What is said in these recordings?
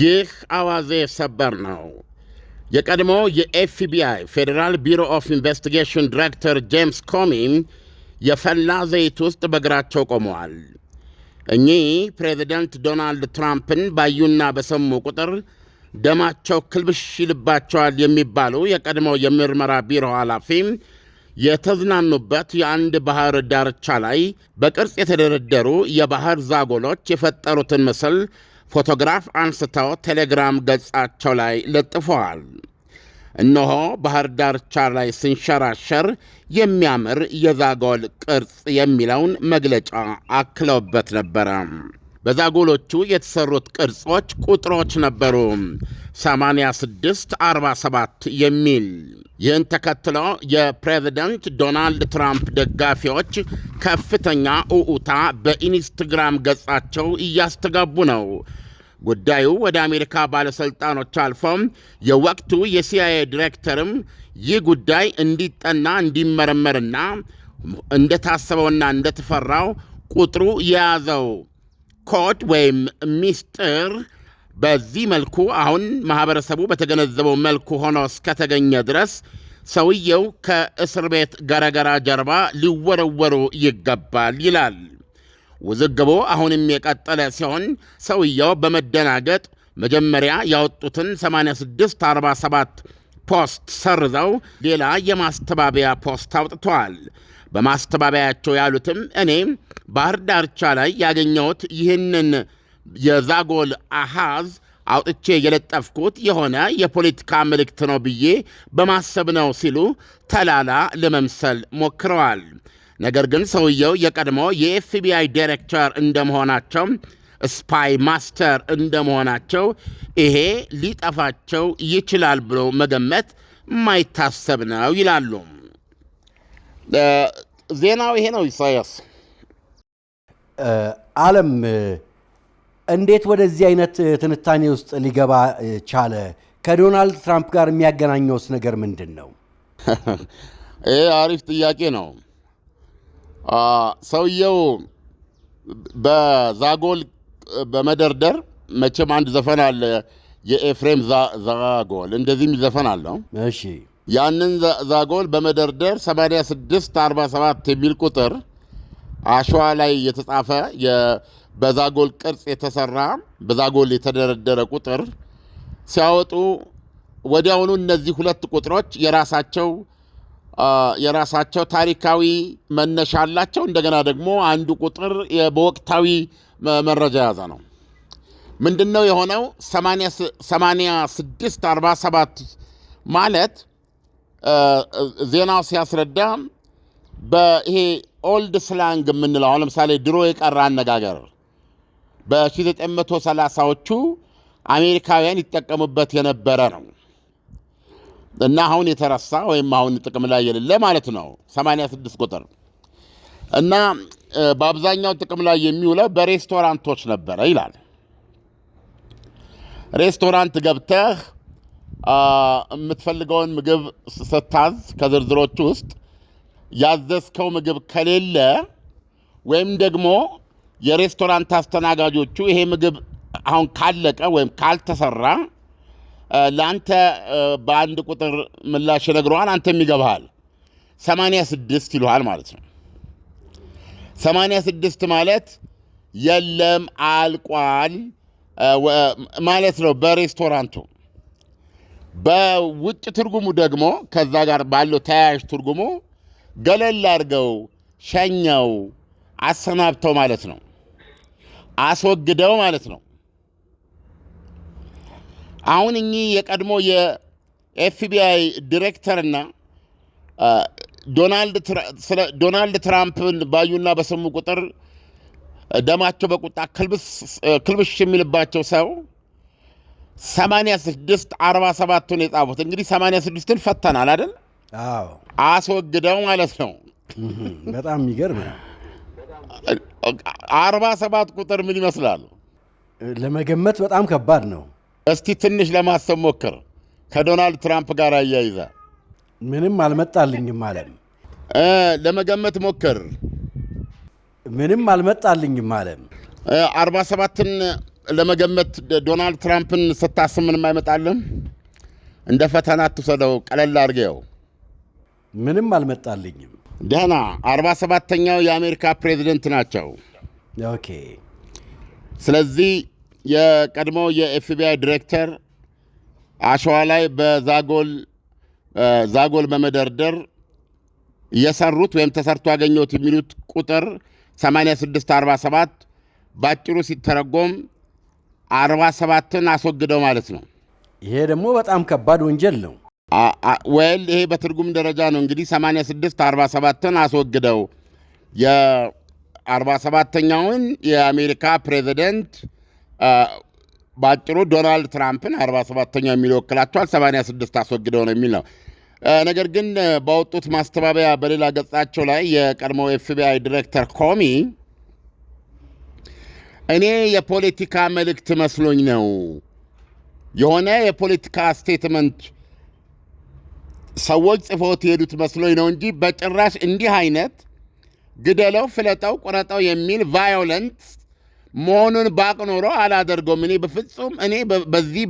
ይህ አዋዜ ሰበር ነው። የቀድሞ የኤፍቢአይ ፌዴራል ቢሮ ኦፍ ኢንቨስቲጌሽን ዲሬክተር ጄምስ ኮሚ የፈላ ዘይት ውስጥ በእግራቸው ቆመዋል። እኚህ ፕሬዚደንት ዶናልድ ትራምፕን ባዩና በሰሙ ቁጥር ደማቸው ክልብሽ ይልባቸዋል የሚባሉ የቀድሞ የምርመራ ቢሮ ኃላፊ የተዝናኑበት የአንድ ባህር ዳርቻ ላይ በቅርጽ የተደረደሩ የባህር ዛጎሎች የፈጠሩትን ምስል ፎቶግራፍ አንስተው ቴሌግራም ገጻቸው ላይ ለጥፈዋል። እነሆ ባህር ዳርቻ ላይ ስንሸራሸር የሚያምር የዛጎል ቅርጽ የሚለውን መግለጫ አክለውበት ነበረ። በዛጎሎቹ የተሰሩት ቅርጾች ቁጥሮች ነበሩ 86 47 የሚል። ይህን ተከትሎ የፕሬዝደንት ዶናልድ ትራምፕ ደጋፊዎች ከፍተኛ ውዑታ በኢንስትግራም ገጻቸው እያስተጋቡ ነው። ጉዳዩ ወደ አሜሪካ ባለሥልጣኖች አልፎም የወቅቱ የሲአይኤ ዲሬክተርም ይህ ጉዳይ እንዲጠና እንዲመረመርና እንደታሰበውና እንደተፈራው ቁጥሩ የያዘው ኮድ ወይም ሚስጥር በዚህ መልኩ አሁን ማህበረሰቡ በተገነዘበው መልኩ ሆኖ እስከተገኘ ድረስ ሰውየው ከእስር ቤት ገረገራ ጀርባ ሊወረወሩ ይገባል ይላል ውዝግቡ። አሁንም የቀጠለ ሲሆን ሰውየው በመደናገጥ መጀመሪያ ያወጡትን 8647 ፖስት ሰርዘው ሌላ የማስተባበያ ፖስት አውጥተዋል። በማስተባበያቸው ያሉትም እኔ ባህር ዳርቻ ላይ ያገኘሁት ይህንን የዛጎል አሃዝ አውጥቼ የለጠፍኩት የሆነ የፖለቲካ ምልክት ነው ብዬ በማሰብ ነው ሲሉ ተላላ ለመምሰል ሞክረዋል። ነገር ግን ሰውየው የቀድሞ የኤፍቢአይ ዳይሬክተር እንደመሆናቸው ስፓይ ማስተር እንደመሆናቸው ይሄ ሊጠፋቸው ይችላል ብሎ መገመት ማይታሰብ ነው ይላሉ። ዜናው ይሄ ነው ኢሳያስ። አለም እንዴት ወደዚህ አይነት ትንታኔ ውስጥ ሊገባ ቻለ? ከዶናልድ ትራምፕ ጋር የሚያገናኘውስ ነገር ምንድን ነው? ይህ አሪፍ ጥያቄ ነው። ሰውየው በዛጎል በመደርደር መቼም አንድ ዘፈን አለ የኤፍሬም ዛጎል እንደዚህም ዘፈን አለው። ያንን ዛጎል በመደርደር 86 47 የሚል ቁጥር አሸዋ ላይ የተጻፈ በዛጎል ቅርጽ የተሰራ በዛጎል የተደረደረ ቁጥር ሲያወጡ ወዲያውኑ እነዚህ ሁለት ቁጥሮች የራሳቸው የራሳቸው ታሪካዊ መነሻ አላቸው። እንደገና ደግሞ አንዱ ቁጥር በወቅታዊ መረጃ የያዘ ነው። ምንድን ነው የሆነው? 8647 ማለት ዜናው ሲያስረዳ ይሄ ኦልድ ስላንግ የምንለው አሁን ለምሳሌ ድሮ የቀረ አነጋገር በ1930ዎቹ አሜሪካውያን ይጠቀሙበት የነበረ ነው እና አሁን የተረሳ ወይም አሁን ጥቅም ላይ የሌለ ማለት ነው። 86 ቁጥር እና በአብዛኛው ጥቅም ላይ የሚውለው በሬስቶራንቶች ነበረ ይላል። ሬስቶራንት ገብተህ የምትፈልገውን ምግብ ስታዝ ከዝርዝሮቹ ውስጥ ያዘዝከው ምግብ ከሌለ ወይም ደግሞ የሬስቶራንት አስተናጋጆቹ ይሄ ምግብ አሁን ካለቀ ወይም ካልተሰራ ለአንተ በአንድ ቁጥር ምላሽ ይነግረዋል። አንተም ይገባሃል። ሰማንያ ይሉሃል ማለት ነው። ሰማንያ ስድስት ማለት የለም አልቋል ማለት ነው በሬስቶራንቱ። በውጭ ትርጉሙ ደግሞ ከዛ ጋር ባለው ተያያዥ ትርጉሙ ገለል አድርገው ሸኛው፣ አሰናብተው ማለት ነው። አስወግደው ማለት ነው። አሁን እኚህ የቀድሞ የኤፍቢአይ ዲሬክተርና ዶናልድ ትራምፕን ባዩና በሰሙ ቁጥር ደማቸው በቁጣ ክልብሽ የሚልባቸው ሰው 86 47ቱን የጻፉት እንግዲህ 86ን ፈተናል አይደል? አስወግደው ማለት ነው። በጣም የሚገርም አርባ ሰባት ቁጥር ምን ይመስላል ለመገመት በጣም ከባድ ነው። እስቲ ትንሽ ለማሰብ ሞክር። ከዶናልድ ትራምፕ ጋር አያይዛ ምንም አልመጣልኝም አለም። ለመገመት ሞክር። ምንም አልመጣልኝም አለም። አርባ ሰባትን ለመገመት ዶናልድ ትራምፕን ስታስብ ምንም አይመጣልም። እንደ ፈተና አትውሰደው፣ ቀለል አድርገው። ምንም አልመጣልኝም። ደህና አርባ ሰባተኛው የአሜሪካ ፕሬዚደንት ናቸው። ኦኬ። ስለዚህ የቀድሞ የኤፍቢአይ ዲሬክተር አሸዋ ላይ በዛጎል ዛጎል በመደርደር የሰሩት ወይም ተሰርቶ ያገኘሁት የሚሉት ቁጥር 8647 ባጭሩ ሲተረጎም 47ን አስወግደው ማለት ነው። ይሄ ደግሞ በጣም ከባድ ወንጀል ነው። ወይል ይሄ በትርጉም ደረጃ ነው እንግዲህ 86 47ን አስወግደው የ47ተኛውን የአሜሪካ ፕሬዚደንት በአጭሩ ዶናልድ ትራምፕን 47ተኛው የሚል ወክላቸዋል። 86 አስወግደው ነው የሚል ነው። ነገር ግን ባወጡት ማስተባበያ በሌላ ገጻቸው ላይ የቀድሞው ኤፍቢአይ ዲሬክተር ኮሚ እኔ የፖለቲካ መልእክት መስሎኝ ነው የሆነ የፖለቲካ ስቴትመንት ሰዎች ጽፎት የሄዱት መስሎኝ ነው እንጂ በጭራሽ እንዲህ አይነት ግደለው፣ ፍለጠው፣ ቁረጠው የሚል ቫዮለንት መሆኑን ባቅ ኖሮ አላደርገውም። እኔ በፍጹም እኔ በዚህ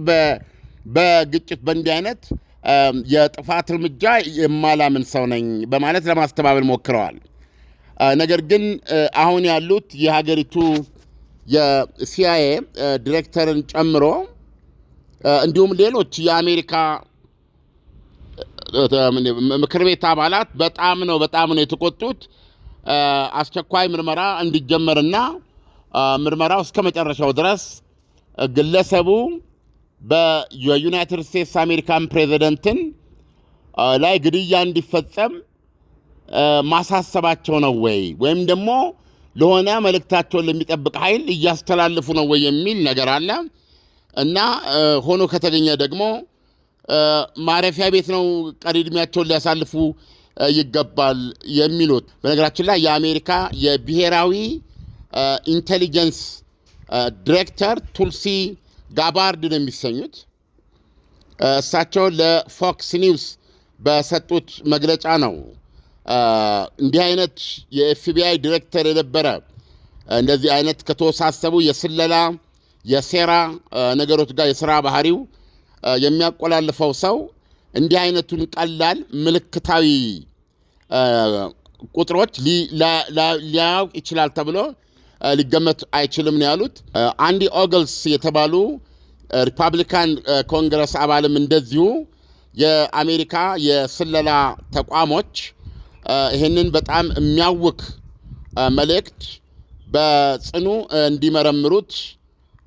በግጭት በእንዲህ አይነት የጥፋት እርምጃ የማላምን ሰው ነኝ በማለት ለማስተባበል ሞክረዋል። ነገር ግን አሁን ያሉት የሀገሪቱ የሲአይኤ ዲሬክተርን ጨምሮ እንዲሁም ሌሎች የአሜሪካ ምክር ቤት አባላት በጣም ነው በጣም ነው የተቆጡት። አስቸኳይ ምርመራ እንዲጀመርና ምርመራው እስከ መጨረሻው ድረስ ግለሰቡ በዩናይትድ ስቴትስ አሜሪካን ፕሬዚደንትን ላይ ግድያ እንዲፈጸም ማሳሰባቸው ነው ወይ ወይም ደግሞ ለሆነ መልእክታቸውን ለሚጠብቅ ኃይል እያስተላለፉ ነው ወይ የሚል ነገር አለ እና ሆኖ ከተገኘ ደግሞ ማረፊያ ቤት ነው ቀሪ ዕድሜያቸውን ሊያሳልፉ ይገባል የሚሉት። በነገራችን ላይ የአሜሪካ የብሔራዊ ኢንቴሊጀንስ ዲሬክተር ቱልሲ ጋባርድ ነው የሚሰኙት። እሳቸው ለፎክስ ኒውስ በሰጡት መግለጫ ነው እንዲህ አይነት የኤፍቢአይ ዲሬክተር የነበረ እንደዚህ አይነት ከተወሳሰቡ የስለላ የሴራ ነገሮች ጋር የስራ ባህሪው የሚያቆላልፈው ሰው እንዲህ አይነቱን ቀላል ምልክታዊ ቁጥሮች ሊያውቅ ይችላል ተብሎ ሊገመት አይችልም ነው ያሉት። አንዲ ኦግልስ የተባሉ ሪፐብሊካን ኮንግረስ አባልም እንደዚሁ የአሜሪካ የስለላ ተቋሞች ይህንን በጣም የሚያውክ መልእክት በጽኑ እንዲመረምሩት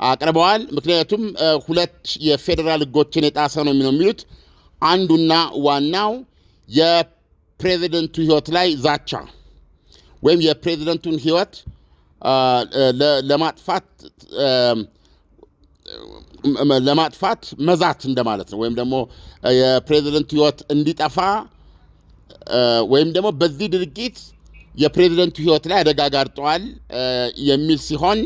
አቅርበዋል። ምክንያቱም ሁለት የፌዴራል ህጎችን የጣሰ ነው የሚለው የሚሉት አንዱና ዋናው የፕሬዚደንቱ ህይወት ላይ ዛቻ ወይም የፕሬዚደንቱን ህይወት ለማጥፋት ለማጥፋት መዛት እንደማለት ነው። ወይም ደግሞ የፕሬዚደንቱ ህይወት እንዲጠፋ ወይም ደግሞ በዚህ ድርጊት የፕሬዚደንቱ ህይወት ላይ አደጋ ጋርጠዋል የሚል ሲሆን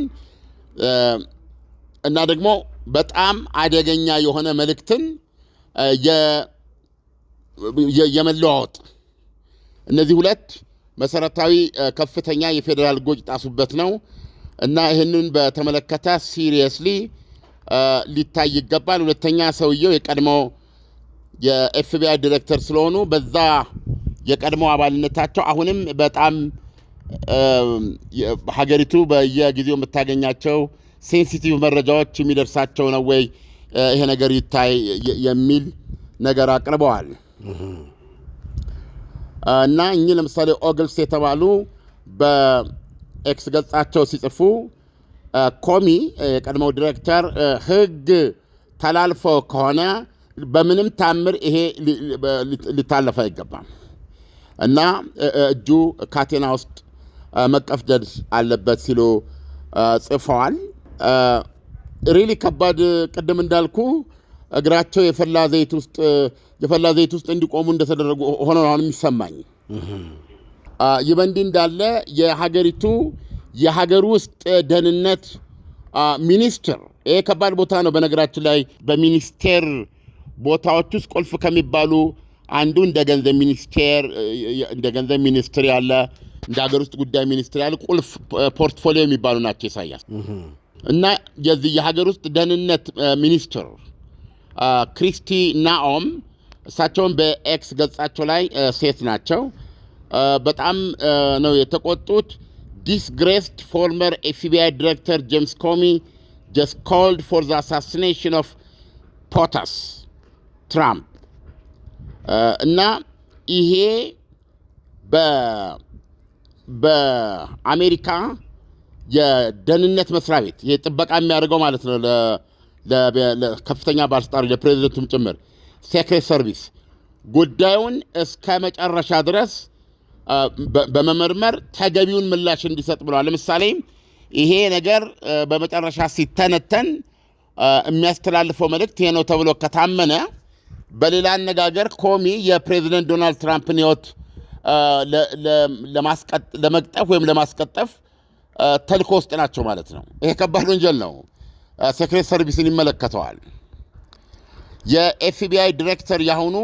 እና ደግሞ በጣም አደገኛ የሆነ መልእክትን የመለዋወጥ እነዚህ ሁለት መሰረታዊ ከፍተኛ የፌዴራል ጎጅ ጣሱበት ነው እና ይህንን በተመለከተ ሲሪየስሊ ሊታይ ይገባል። ሁለተኛ ሰውየው የቀድሞ የኤፍቢአይ ዲሬክተር ስለሆኑ በዛ የቀድሞ አባልነታቸው አሁንም በጣም ሀገሪቱ በየጊዜው የምታገኛቸው ሴንሲቲቭ መረጃዎች የሚደርሳቸው ነው ወይ ይሄ ነገር ይታይ የሚል ነገር አቅርበዋል። እና እኚህ ለምሳሌ ኦግልስ የተባሉ በኤክስ ገጻቸው ሲጽፉ ኮሚ የቀድሞው ዲሬክተር ሕግ ተላልፎ ከሆነ በምንም ታምር ይሄ ሊታለፍ አይገባም እና እጁ ካቴና ውስጥ መቀፍደድ አለበት ሲሉ ጽፈዋል። ሪሊ ከባድ ቅድም እንዳልኩ እግራቸው የፈላ ዘይት ውስጥ የፈላ ዘይት ውስጥ እንዲቆሙ እንደተደረጉ ሆኖ ነው የሚሰማኝ። ይህ በእንዲህ እንዳለ የሀገሪቱ የሀገር ውስጥ ደህንነት ሚኒስትር ይሄ ከባድ ቦታ ነው። በነገራችን ላይ በሚኒስቴር ቦታዎች ውስጥ ቁልፍ ከሚባሉ አንዱ እንደ ገንዘብ ሚኒስቴር እንደ ገንዘብ ሚኒስትር ያለ እንደ ሀገር ውስጥ ጉዳይ ሚኒስትር ያለ ቁልፍ ፖርትፎሊዮ የሚባሉ ናቸው ኢሳያስ እና የዚህ የሀገር ውስጥ ደህንነት ሚኒስትር ክሪስቲ ናኦም እሳቸውን በኤክስ ገጻቸው ላይ ሴት ናቸው። በጣም ነው የተቆጡት። ዲስግሬስድ ፎርመር ኤፍቢአይ ዲሬክተር ጄምስ ኮሚ ጀስት ኮልድ ፎር ዘ አሳሲኔሽን ኦፍ ፖተስ ትራምፕ እና ይሄ በአሜሪካ የደህንነት መስሪያ ቤት ይሄ ጥበቃ የሚያደርገው ማለት ነው ለከፍተኛ ባለስልጣኖች ለፕሬዚደንቱም ጭምር ሴክሬት ሰርቪስ ጉዳዩን እስከ መጨረሻ ድረስ በመመርመር ተገቢውን ምላሽ እንዲሰጥ ብለዋል። ለምሳሌ ይሄ ነገር በመጨረሻ ሲተነተን የሚያስተላልፈው መልእክት ይሄ ነው ተብሎ ከታመነ በሌላ አነጋገር ኮሚ የፕሬዚደንት ዶናልድ ትራምፕን ሕይወት ለመቅጠፍ ወይም ለማስቀጠፍ ተልኮ ውስጥ ናቸው ማለት ነው። ይሄ ከባድ ወንጀል ነው። ሴክሬት ሰርቪስን ይመለከተዋል። የኤፍቢአይ ዲሬክተር ያሁኑ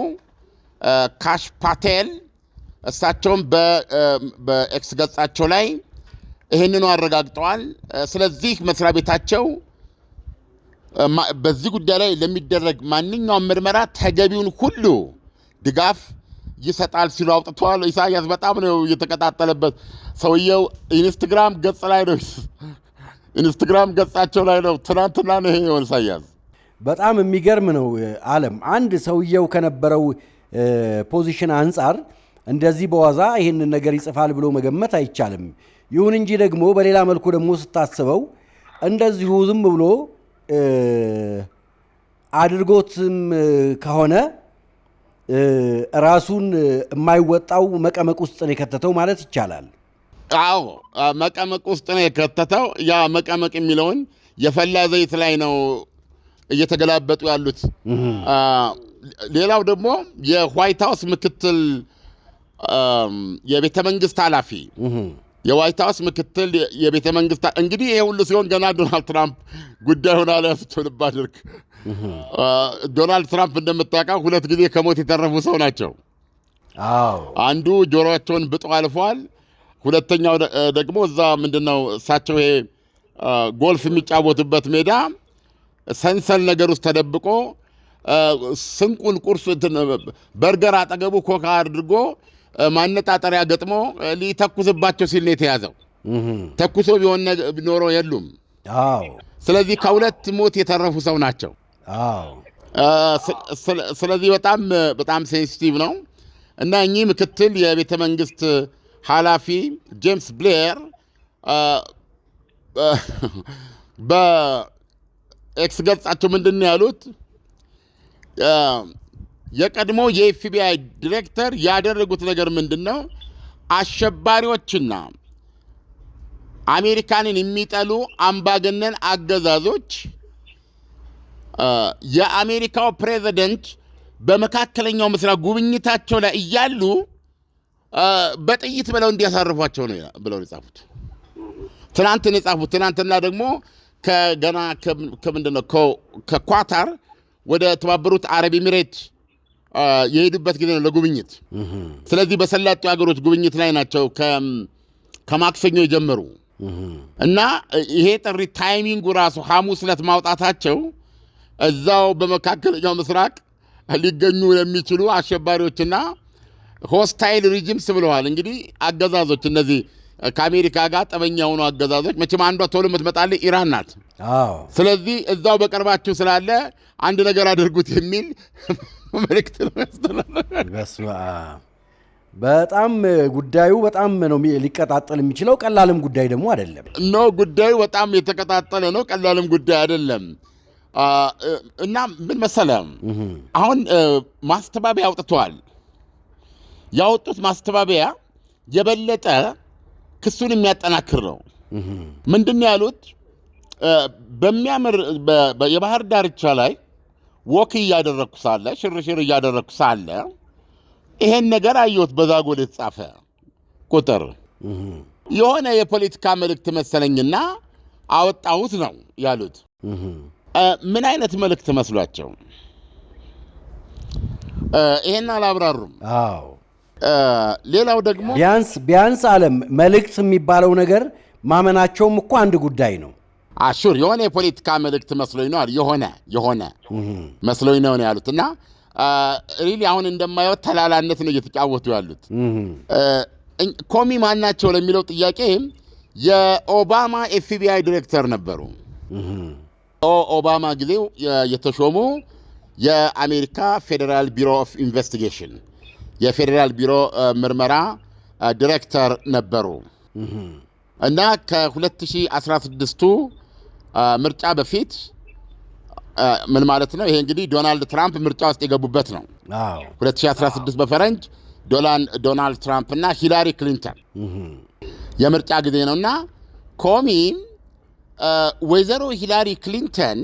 ካሽ ፓቴል እሳቸውም በኤክስ ገጻቸው ላይ ይህንኑ አረጋግጠዋል። ስለዚህ መስሪያ ቤታቸው በዚህ ጉዳይ ላይ ለሚደረግ ማንኛውም ምርመራ ተገቢውን ሁሉ ድጋፍ ይሰጣል ሲሉ አውጥተዋል። ኢሳያስ በጣም ነው የተቀጣጠለበት። ሰውየው ኢንስትግራም ገጽ ላይ ነው ኢንስትግራም ገጻቸው ላይ ነው። ትናንትና ነው ይሄ ኢሳያስ በጣም የሚገርም ነው። አለም አንድ ሰውየው ከነበረው ፖዚሽን አንጻር እንደዚህ በዋዛ ይህንን ነገር ይጽፋል ብሎ መገመት አይቻልም። ይሁን እንጂ ደግሞ በሌላ መልኩ ደግሞ ስታስበው እንደዚሁ ዝም ብሎ አድርጎትም ከሆነ ራሱን የማይወጣው መቀመቅ ውስጥ ነው የከተተው ማለት ይቻላል። አዎ መቀመቅ ውስጥ ነው የከተተው። ያ መቀመቅ የሚለውን የፈላ ዘይት ላይ ነው እየተገላበጡ ያሉት። ሌላው ደግሞ የዋይት ሀውስ ምክትል የቤተ መንግስት ኃላፊ የዋይት ሀውስ ምክትል የቤተ መንግስት እንግዲህ ይሄ ሁሉ ሲሆን ገና ዶናልድ ትራምፕ ጉዳዩን አለፍቶ ልብ ዶናልድ ትራምፕ እንደምታውቀው ሁለት ጊዜ ከሞት የተረፉ ሰው ናቸው። አንዱ ጆሮቸውን ብጦ አልፏል። ሁለተኛው ደግሞ እዛ ምንድነው እሳቸው ይሄ ጎልፍ የሚጫወቱበት ሜዳ ሰንሰል ነገር ውስጥ ተደብቆ ስንቁን ቁርስ በርገር አጠገቡ ኮካ አድርጎ ማነጣጠሪያ ገጥሞ ሊተኩስባቸው ሲል ነው የተያዘው። ተኩሶ ቢሆን ኖሮ የሉም። ስለዚህ ከሁለት ሞት የተረፉ ሰው ናቸው። ስለዚህ በጣም በጣም ሴንሲቲቭ ነው እና እኚህ ምክትል የቤተ መንግስት ኃላፊ ጄምስ ብሌር በኤክስ ገጻቸው ምንድን ነው ያሉት? የቀድሞ የኤፍቢአይ ዲሬክተር ያደረጉት ነገር ምንድን ነው? አሸባሪዎችና አሜሪካንን የሚጠሉ አምባገነን አገዛዞች የአሜሪካው ፕሬዚደንት በመካከለኛው ምስራቅ ጉብኝታቸው ላይ እያሉ በጥይት ብለው እንዲያሳርፏቸው ነው ብለው የጻፉት። ትናንትን የጻፉት ትናንትና ደግሞ ከገና ከምንድነው ከኳታር ወደ ተባበሩት አረብ ኤሚሬት የሄዱበት ጊዜ ነው ለጉብኝት። ስለዚህ በሰላጤው ሀገሮች ጉብኝት ላይ ናቸው ከማክሰኞ የጀመሩ እና ይሄ ጥሪ ታይሚንጉ ራሱ ሐሙስ ዕለት ማውጣታቸው እዛው በመካከለኛው ምስራቅ ሊገኙ ለሚችሉ አሸባሪዎችና ሆስታይል ሪጅምስ ብለዋል። እንግዲህ አገዛዞች እነዚህ ከአሜሪካ ጋር ጠበኛ የሆኑ አገዛዞች መቼም አንዷ ቶሎ የምትመጣለ ኢራን ናት። ስለዚህ እዛው በቅርባችሁ ስላለ አንድ ነገር አድርጉት የሚል መልእክት ነው በጣም ጉዳዩ በጣም ነው ሊቀጣጠል የሚችለው ቀላልም ጉዳይ ደግሞ አይደለም። ኖ ጉዳዩ በጣም የተቀጣጠለ ነው፣ ቀላልም ጉዳይ አይደለም። እና ምን መሰለ አሁን ማስተባበያ አውጥተዋል። ያወጡት ማስተባበያ የበለጠ ክሱን የሚያጠናክር ነው። ምንድን ያሉት? በሚያምር የባህር ዳርቻ ላይ ወክ እያደረግኩ ሳለ፣ ሽርሽር እያደረግኩ ሳለ ይሄን ነገር አየሁት። በዛጎል የተጻፈ ቁጥር የሆነ የፖለቲካ መልእክት መሰለኝና አወጣሁት ነው ያሉት። ምን አይነት መልእክት መስሏቸው ይሄን አላብራሩም። አዎ ሌላው ደግሞ ቢያንስ ቢያንስ አለም መልእክት የሚባለው ነገር ማመናቸውም እኮ አንድ ጉዳይ ነው። አሹር የሆነ የፖለቲካ መልእክት መስሎኝ ነው አሉ። የሆነ የሆነ መስሎኝ ነው ነው ያሉት እና ሪሊ አሁን እንደማየው ተላላነት ነው እየተጫወቱ ያሉት። ኮሚ ማናቸው ለሚለው ጥያቄ የኦባማ ኤፍቢአይ ዲሬክተር ነበሩ። ኦባማ ጊዜ የተሾሙ የአሜሪካ ፌዴራል ቢሮ ኦፍ ኢንቨስቲጌሽን የፌዴራል ቢሮ ምርመራ ዲሬክተር ነበሩ እና ከ2016ቱ ምርጫ በፊት ምን ማለት ነው? ይሄ እንግዲህ ዶናልድ ትራምፕ ምርጫ ውስጥ የገቡበት ነው። 2016 በፈረንጅ ዶናልድ ትራምፕ እና ሂላሪ ክሊንተን የምርጫ ጊዜ ነው እና ኮሚን ወይዘሮ ሂላሪ ክሊንተን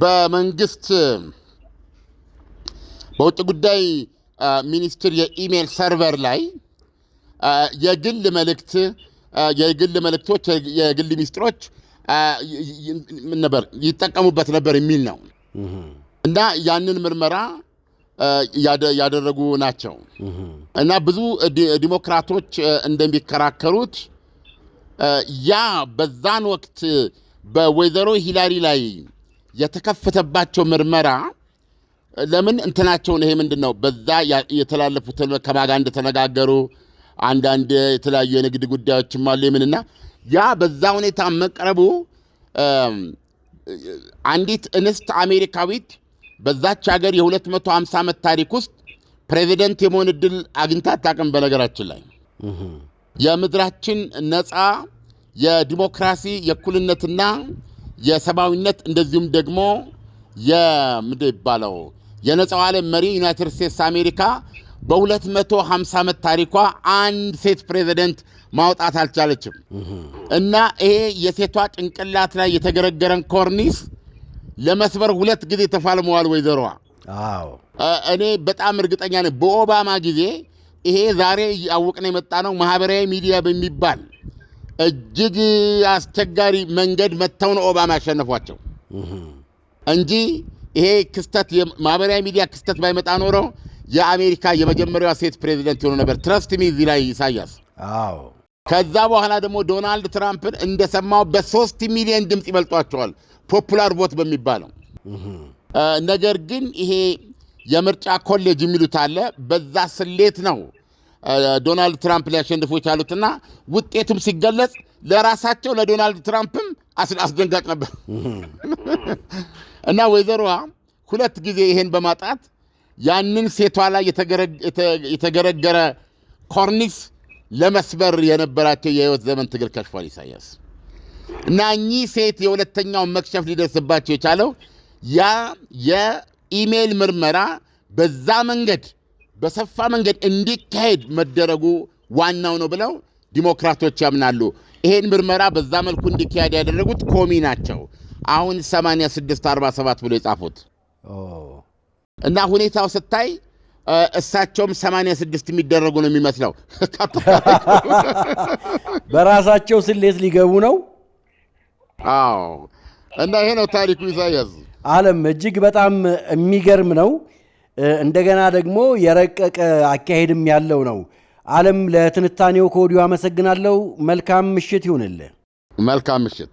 በመንግስት በውጭ ጉዳይ ሚኒስትር የኢሜይል ሰርቨር ላይ የግል መልእክት የግል መልእክቶች የግል ሚስጥሮች ነበር ይጠቀሙበት ነበር የሚል ነው እና ያንን ምርመራ ያደረጉ ናቸው እና ብዙ ዲሞክራቶች እንደሚከራከሩት ያ በዛን ወቅት በወይዘሮ ሂላሪ ላይ የተከፈተባቸው ምርመራ ለምን እንትናቸውን ይሄ ምንድን ነው በዛ የተላለፉትን ከማጋ እንደተነጋገሩ አንዳንድ የተለያዩ የንግድ ጉዳዮችም አሉ የምንና ያ በዛ ሁኔታ መቅረቡ አንዲት እንስት አሜሪካዊት በዛች ሀገር የ250 ዓመት ታሪክ ውስጥ ፕሬዚደንት የመሆን እድል አግኝታ አታውቅም። በነገራችን ላይ የምድራችን ነፃ የዲሞክራሲ የእኩልነትና የሰብአዊነት እንደዚሁም ደግሞ የምድ ይባለው የነፃው ዓለም መሪ ዩናይትድ ስቴትስ አሜሪካ በ250 ዓመት ታሪኳ አንድ ሴት ፕሬዚደንት ማውጣት አልቻለችም እና ይሄ የሴቷ ጭንቅላት ላይ የተገረገረን ኮርኒስ ለመስበር ሁለት ጊዜ ተፋልመዋል ወይዘሮዋ። እኔ በጣም እርግጠኛ ነኝ በኦባማ ጊዜ ይሄ ዛሬ እያወቅን የመጣ ነው ማህበራዊ ሚዲያ በሚባል እጅግ አስቸጋሪ መንገድ መጥተው ነው ኦባማ ያሸነፏቸው እንጂ ይሄ ክስተት ማህበራዊ ሚዲያ ክስተት ባይመጣ ኖሮ የአሜሪካ የመጀመሪያዋ ሴት ፕሬዚደንት የሆኑ ነበር። ትረስት ሚ እዚህ ላይ ኢሳያስ። ከዛ በኋላ ደግሞ ዶናልድ ትራምፕን እንደሰማው በሶስት ሚሊዮን ድምፅ ይበልጧቸዋል። ፖፑላር ቮት በሚባለው ነገር ግን ይሄ የምርጫ ኮሌጅ የሚሉት አለ። በዛ ስሌት ነው ዶናልድ ትራምፕ ሊያሸንፉ የቻሉትና ውጤቱም ሲገለጽ ለራሳቸው ለዶናልድ ትራምፕም አስደንጋጭ ነበር እና ወይዘሮዋ ሁለት ጊዜ ይሄን በማጣት ያንን ሴቷ ላይ የተገረገረ ኮርኒስ ለመስበር የነበራቸው የህይወት ዘመን ትግል ከሽፏል። ኢሳያስ እና እኚህ ሴት የሁለተኛውን መክሸፍ ሊደርስባቸው የቻለው ያ የኢሜይል ምርመራ በዛ መንገድ በሰፋ መንገድ እንዲካሄድ መደረጉ ዋናው ነው ብለው ዲሞክራቶች ያምናሉ። ይሄን ምርመራ በዛ መልኩ እንዲካሄድ ያደረጉት ኮሚ ናቸው። አሁን 8647 ብሎ የጻፉት እና ሁኔታው ስታይ እሳቸውም 86 የሚደረጉ ነው የሚመስለው። በራሳቸው ስሌት ሊገቡ ነው። አዎ። እና ይሄ ነው ታሪኩ ኢሳያስ። አለም እጅግ በጣም የሚገርም ነው። እንደገና ደግሞ የረቀቀ አካሄድም ያለው ነው። አለም ለትንታኔው ከወዲሁ አመሰግናለሁ። መልካም ምሽት ይሁንልህ። መልካም ምሽት